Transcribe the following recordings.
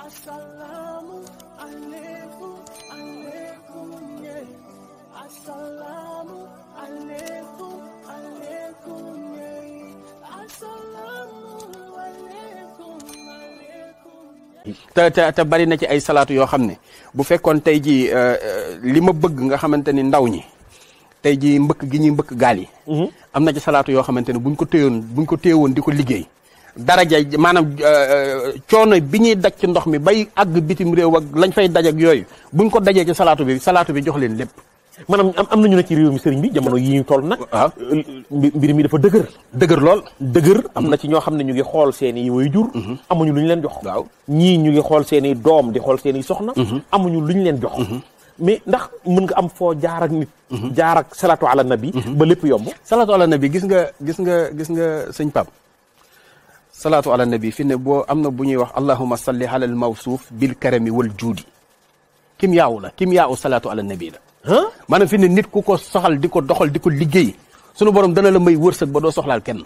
Assalamu alaikum alaikum ye Assalamu alaikum alaikum ye Assalamu alaikum alaikum Ta ta bari na ci ay salatu yo xam bu fekkoon tey jii euh, euh, li ma bëgg nga xamante ni ndaw ñi tey ji mbëkk gi ñuy mbëkk gaal yi mhm. am na ci salaatu yoo xamante ne buñ ko téyoon buñ ko téyewoon di ko liggéey daraja maanaam euh, euh, coono bi ñuy daj ci ndox mi bay àgg bitim réew ak lañ fay daj ak yooyu buñ ko dajee ci salaatu bi salaatu bi jox leen lépp. maanaam am nañu ne ci réew mi sëriñ bi jamono yi ñu toll nag. waaw ah. mbir mi dafa dëgër. dëgër lool dëgër. am na ci ñoo xam ne ñu ngi xool seen i waajur. Mhm. amuñu lu ñu leen jox. waaw ñii ñu ngi xool seen i doom di xool seen i soxna. Mhm. amuñu lu ñu leen jox. Mhm. mais ndax mën nga am foo jaar ak nit. jaar ak salaatu ala nabi. ba lépp yomb. salaatu ala nabi gis nga gis nga gis nga sëñ salatu ala nabi fi ne bo amna buñuy wax allahumma salli ala al mawsuf bil karam wal judi kim yaaw la kim yaaw salatu ala nabi la man fi ne nit ku ko soxal diko doxal diko liggey sunu borom dana la may wërseuk ba do soxlaal kenn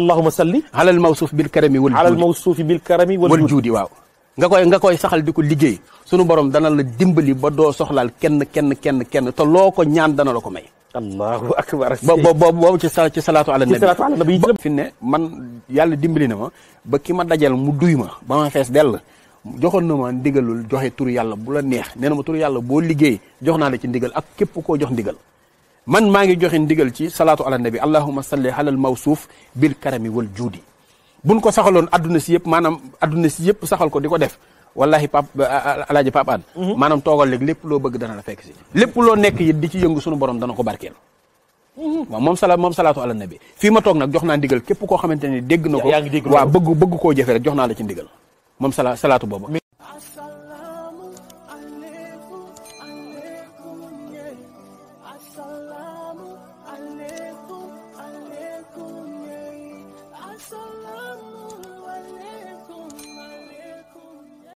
اللهم صل على الموصوف بالكرم والجود على الموصوف بالكرم والجود واو bil karami wal juudi waaw nga koy nga koy saxal di ko liggéey sunu borom dana la dimbali ba doo soxlaal kenn kenn kenn kenn ñaan dana la ko may allahu akbar boobu boobu ci sa ci salaatu ala nabi salaatu nabi fi ne man yàlla dimbali na ma ba ki ma dajal mu duy ma ba ma xees dell joxoon na ma ndigalul joxe tur yàlla bu la neex nee na ma tur yàlla boo liggéey jox naa la ci ndigal ak képp koo jox ndigal man maa ngi joxe ndigal ci salaatu ala nabi allahuma salli alal mawsuuf bil karami wal juudi buñ ko saxaloon àdduna si yëpp maanaam àdduna si yëpp saxal ko di ko def wallahi pap alaji papan manam mhm. togal léegi lepp lo beug dana la fek ci lepp lo nek it di ci yeungu sunu borom dana ko barkel mhm. waaw moom sala moom ala nabi Fi ma tok nak joxna ndigal kep ko xamanteni deg nako wa beug beug ko bëgg koo rek jox la ci ndigal moom sala salaatu boobu